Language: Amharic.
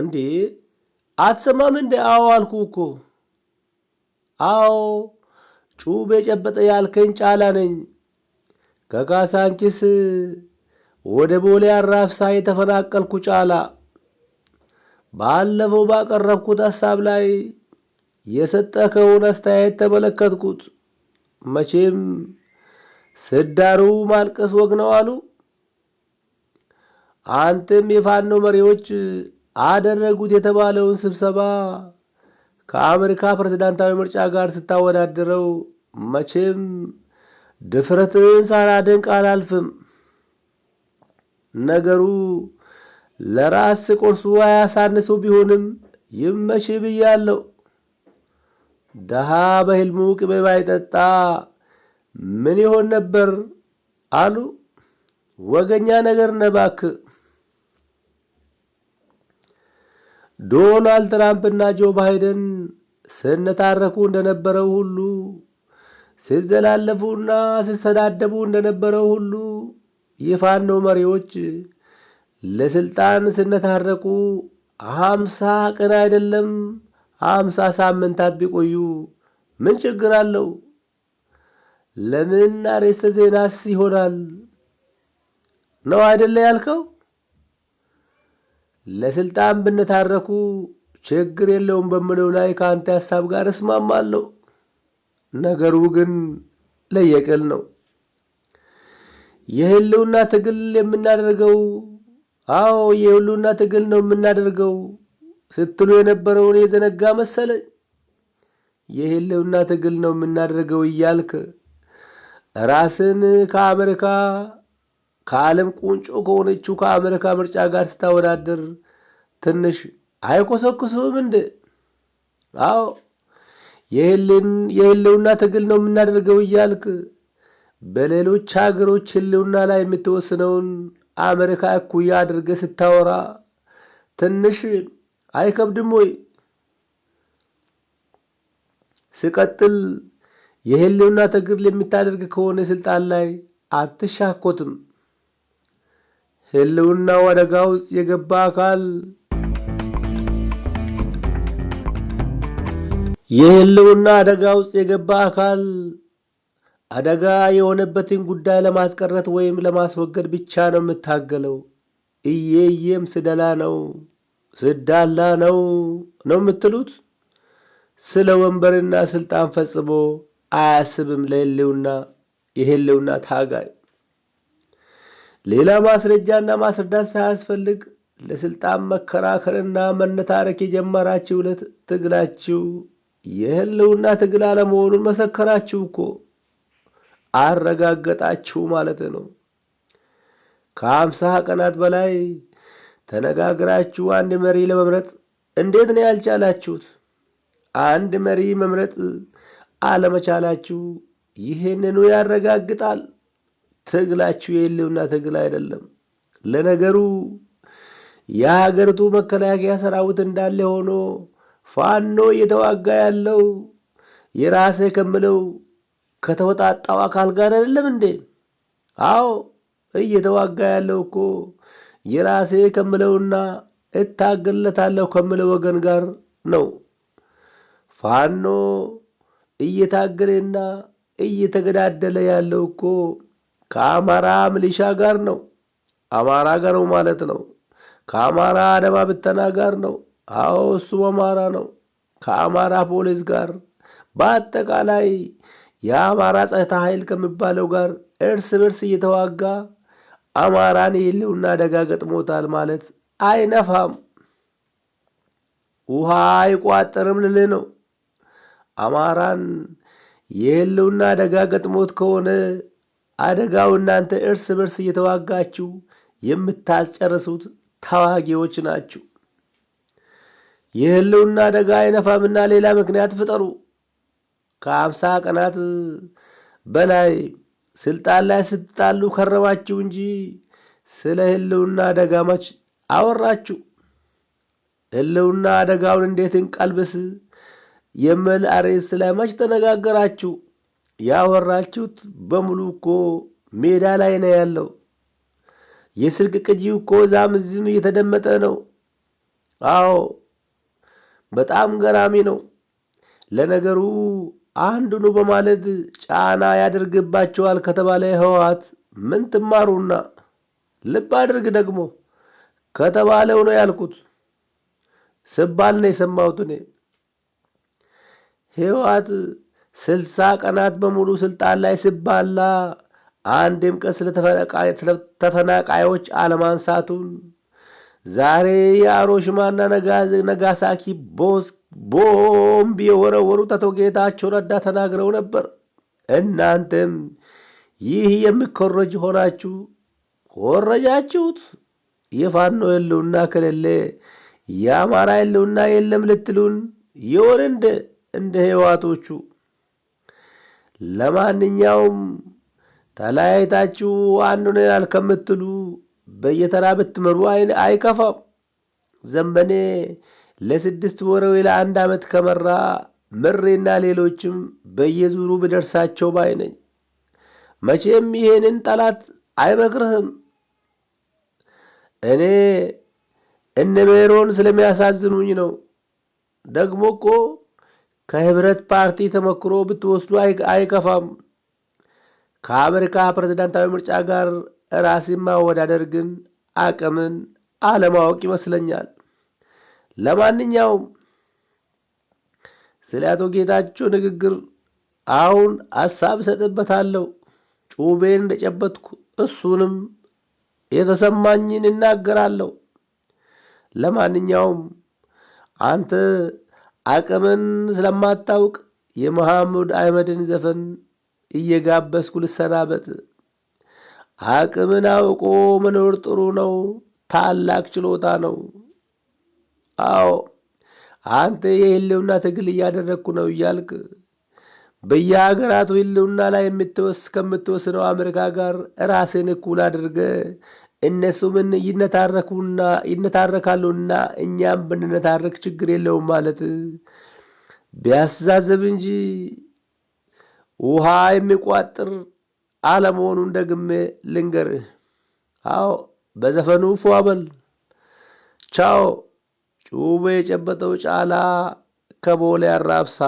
እንዴ አትሰማም እንዴ? አዎ አልኩ እኮ። አዎ ጩቤ ጨበጠ ያልከኝ ጫላ ነኝ። ከካሳንቺስ ወደ ቦሌ አራብሳ የተፈናቀልኩ ጫላ። ባለፈው ባቀረብኩት ሀሳብ ላይ የሰጠከውን አስተያየት ተመለከትኩት። መቼም ስዳሩ ማልቀስ ወግ ነው አሉ። አንተም የፋኖ መሪዎች አደረጉት የተባለውን ስብሰባ ከአሜሪካ ፕሬዝዳንታዊ ምርጫ ጋር ስታወዳድረው መቼም ድፍረትን ሳላደንቅ አላልፍም። ነገሩ ለራስ ቆርሱ ያሳንሰው ቢሆንም ይመች ብያለሁ። ደሃ በህልሙ ቅቤ ባይጠጣ ምን ይሆን ነበር አሉ። ወገኛ ነገር ነባክ ዶናልድ ትራምፕና ጆ ባይደን ስንታረኩ እንደነበረው ሁሉ ሲዘላለፉና ሲሰዳደቡ እንደነበረው ሁሉ የፋኖ መሪዎች ለስልጣን ስንታረቁ ሀምሳ ቀን አይደለም አምሳ ሳምንታት ቢቆዩ ምን ችግር አለው? ለምን አርዕስተ ዜናስ ይሆናል? ነው አይደለ ያልከው? ለስልጣን ብንታረኩ ችግር የለውም በምለው ላይ ከአንተ ሀሳብ ጋር እስማማለሁ። ነገሩ ግን ለየቅል ነው። የህልውና ትግል የምናደርገው አዎ የህልውና ትግል ነው የምናደርገው ስትሉ የነበረውን የዘነጋ መሰለኝ። የህልውና ትግል ነው የምናደርገው እያልክ ራስን ከአሜሪካ ከዓለም ቁንጮ ከሆነችው ከአሜሪካ ምርጫ ጋር ስታወዳደር ትንሽ አይኮሰኩስም እንደ አዎ የህልውና ትግል ነው የምናደርገው እያልክ በሌሎች ሀገሮች ህልውና ላይ የምትወስነውን አሜሪካ እኩያ አድርገ ስታወራ ትንሽ አይከብድም ወይ? ስቀጥል የህልውና ትግል የምታደርግ ከሆነ ስልጣን ላይ አትሻኮትም። ህልውናው አደጋ ውስጥ የገባ አካል የህልውና አደጋ ውስጥ የገባ አካል አደጋ የሆነበትን ጉዳይ ለማስቀረት ወይም ለማስወገድ ብቻ ነው የምታገለው። እየየም ስደላ ነው ስዳላ ነው ነው የምትሉት። ስለ ወንበርና ስልጣን ፈጽሞ አያስብም ለህልውና የህልውና ታጋይ ሌላ ማስረጃና ማስረዳት ሳያስፈልግ ለስልጣን መከራከርና መነታረክ የጀመራችሁ ዕለት ትግላችሁ የህልውና ትግል አለመሆኑን መሰከራችሁ እኮ አረጋገጣችሁ ማለት ነው። ከአምሳ ቀናት በላይ ተነጋግራችሁ አንድ መሪ ለመምረጥ እንዴት ነው ያልቻላችሁት? አንድ መሪ መምረጥ አለመቻላችሁ ይህንኑ ያረጋግጣል። ትግላችሁ የህልውና ትግል አይደለም። ለነገሩ የሀገሪቱ መከላከያ ሰራዊት እንዳለ ሆኖ ፋኖ እየተዋጋ ያለው የራሴ ከምለው ከተወጣጣው አካል ጋር አይደለም እንዴ? አዎ እየተዋጋ ያለው እኮ የራሴ ከምለውና እታገለታለሁ ከምለው ወገን ጋር ነው። ፋኖ እየታገለና እየተገዳደለ ያለው እኮ ከአማራ ሚሊሻ ጋር ነው። አማራ ጋር ነው ማለት ነው። ከአማራ አድማ ብተና ጋር ነው። አዎ እሱ አማራ ነው። ከአማራ ፖሊስ ጋር በአጠቃላይ የአማራ ጸጥታ ኃይል ከሚባለው ጋር እርስ በርስ እየተዋጋ አማራን የህልውና አደጋ ገጥሞታል ማለት አይነፋም። ውሃ አይቋጠርም ልል ነው። አማራን የህልውና አደጋ ገጥሞት ከሆነ አደጋው እናንተ እርስ በርስ እየተዋጋችሁ የምታስጨርሱት ታዋጊዎች ናችሁ። የህልውና አደጋ አይነፋምና ሌላ ምክንያት ፍጠሩ። ከአምሳ ቀናት በላይ ስልጣን ላይ ስትጣሉ ከረማችሁ እንጂ ስለ ህልውና አደጋ መች አወራችሁ? ህልውና አደጋውን እንዴት እንቀልብስ የሚል ርዕስ ላይ መች ተነጋገራችሁ? ያወራችሁት በሙሉ እኮ ሜዳ ላይ ነው ያለው። የስልክ ቅጂው እኮ ዛም እየተደመጠ ነው። አዎ በጣም ገራሚ ነው። ለነገሩ አንዱኑ በማለት ጫና ያደርግባቸዋል ከተባለ ህወሓት ምን ትማሩና ልብ አድርግ ደግሞ ከተባለው ነው ያልኩት ስባል ነው የሰማሁት እኔ ህወሓት ስልሳ ቀናት በሙሉ ስልጣን ላይ ሲባላ አንድም ቀን ተፈናቃዮች አለማንሳቱን ዛሬ የአሮሽማና ነጋሳኪ ቦምብ የወረወሩት አቶ ጌታቸው ረዳ ተናግረው ነበር። እናንተም ይህ የሚኮረጅ ሆናችሁ ኮረጃችሁት። የፋኖ የለውና ከሌለ የአማራ የለውና የለም ልትሉን ይሆን እንደ እንደ ህዋቶቹ ለማንኛውም ተለያይታችሁ አንዱ ነናል ከምትሉ በየተራ ብትመሩ አይከፋው። ዘንበኔ ለስድስት ወር ወይ ለአንድ ዓመት ከመራ ምሬና ሌሎችም በየዙሩ ብደርሳቸው ባይ ነኝ። መቼም ይሄንን ጠላት አይመክርህም። እኔ እነ ሜሮን ስለሚያሳዝኑኝ ነው። ደግሞ እኮ ከህብረት ፓርቲ ተመክሮ ብትወስዱ አይከፋም። ከአሜሪካ ፕሬዝዳንታዊ ምርጫ ጋር ራስን ማወዳደር ግን አቅምን አለማወቅ ይመስለኛል። ለማንኛውም ስለ አቶ ጌታቸው ንግግር አሁን ሀሳብ እሰጥበታለሁ። ጩቤን እንደጨበትኩ እሱንም የተሰማኝን እናገራለሁ። ለማንኛውም አንተ አቅምን ስለማታውቅ የመሐሙድ አህመድን ዘፈን እየጋበስኩ ልሰናበት። አቅምን አውቆ መኖር ጥሩ ነው፣ ታላቅ ችሎታ ነው። አዎ አንተ የህልውና ትግል እያደረግኩ ነው እያልክ በየሀገራቱ ህልውና ላይ የምትወስ ከምትወስነው አሜሪካ ጋር ራሴን እኩል አድርገ እነሱምን ይነታረኩና ይነታረካሉና እኛም ብንነታረክ ችግር የለውም ማለት ቢያስተዛዘብ እንጂ ውሃ የሚቋጥር አለመሆኑን ደግሜ ልንገርህ። አዎ በዘፈኑ ፏበል ቻው ጩቤ የጨበጠው ጫላ ከቦሌ አራብሳ